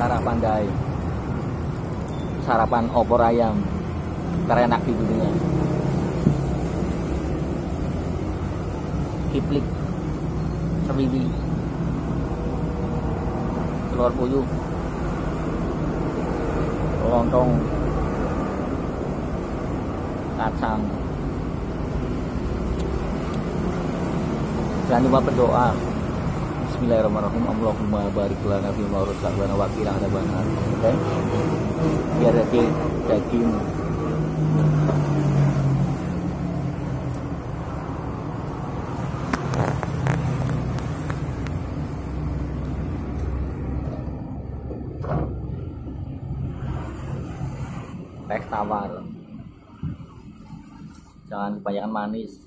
sarapan dai sarapan opor ayam terenak di dunia kiplik serwidi telur puyuh lontong kacang jangan lupa berdoa Bismillahirrahmanirrahim. Allahumma barik lana fi ma'ruf sabana wa qina adzabannar. Oke. Biar daging daging teh tawar jangan kebanyakan manis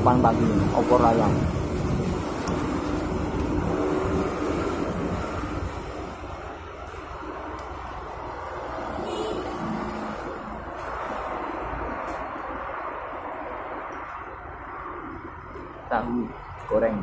sarapan pagi opor ayam tahu goreng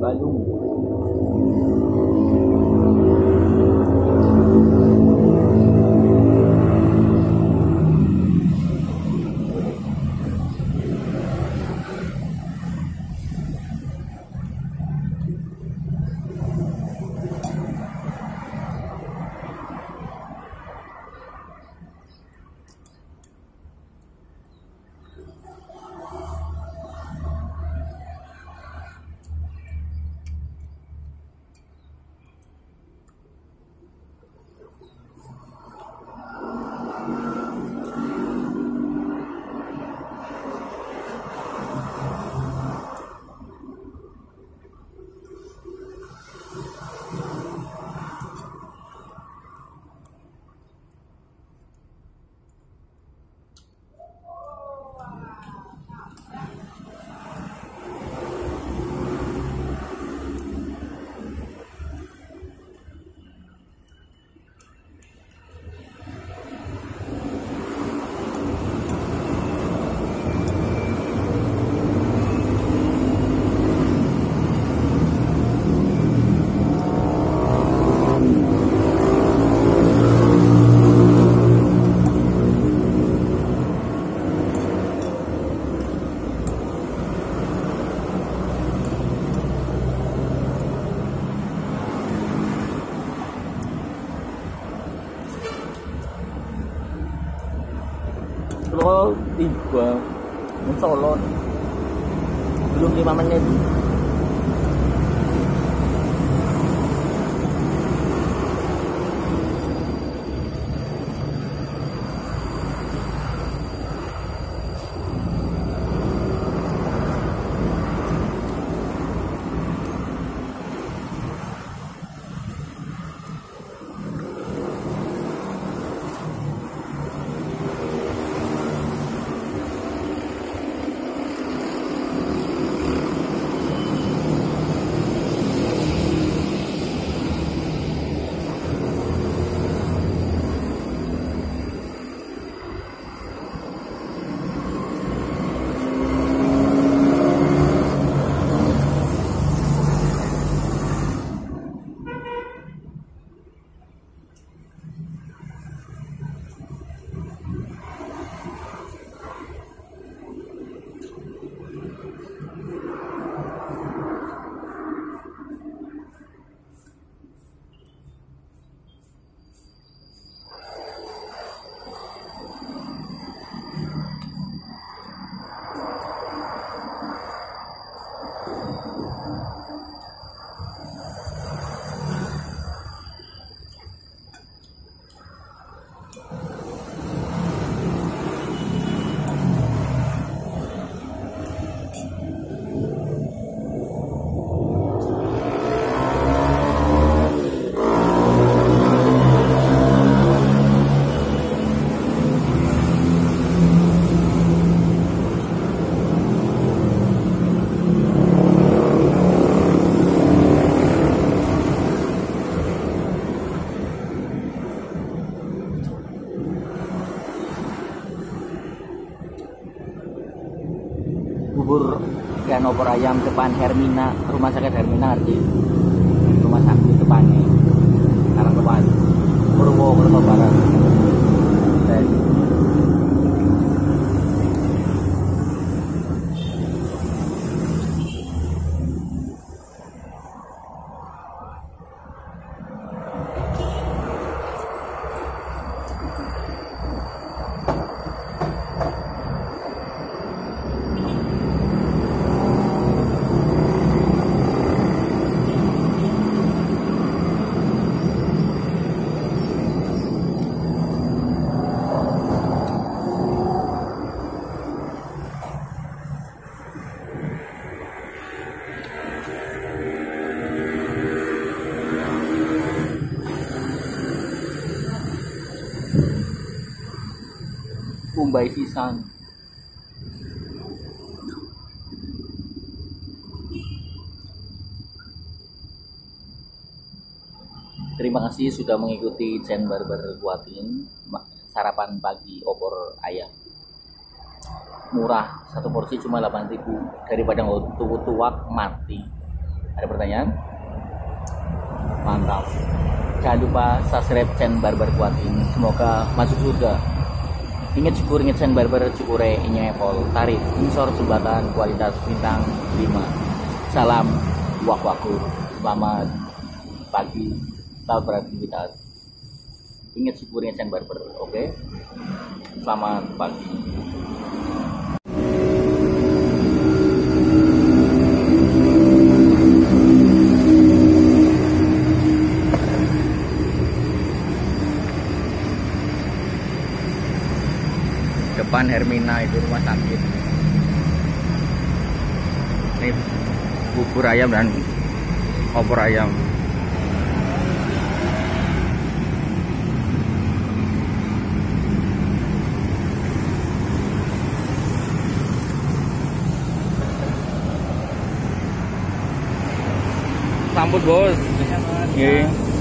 Valeu. Solo tiba mencolot belum lima menit bubur dan opor ayam depan Hermina rumah sakit Hermina di rumah sakit depannya sekarang depan Purwo Purwo Barat Mumbai pisan Terima kasih sudah mengikuti Chen Barber Kuatin sarapan pagi opor ayam murah satu porsi cuma 8000 daripada tubuh tuak mati ada pertanyaan mantap jangan lupa subscribe channel Barbar Kuatin semoga masuk juga. Ingat syukur ingat sen barbar cukure ini pol tarif insor sebatan kualitas bintang 5 salam wak waku selamat pagi selamat beraktivitas ingat syukur ingat sen barbar oke okay? selamat pagi depan Hermina itu rumah sakit ini bubur ayam dan opor ayam sambut bos. Iya. Yeah.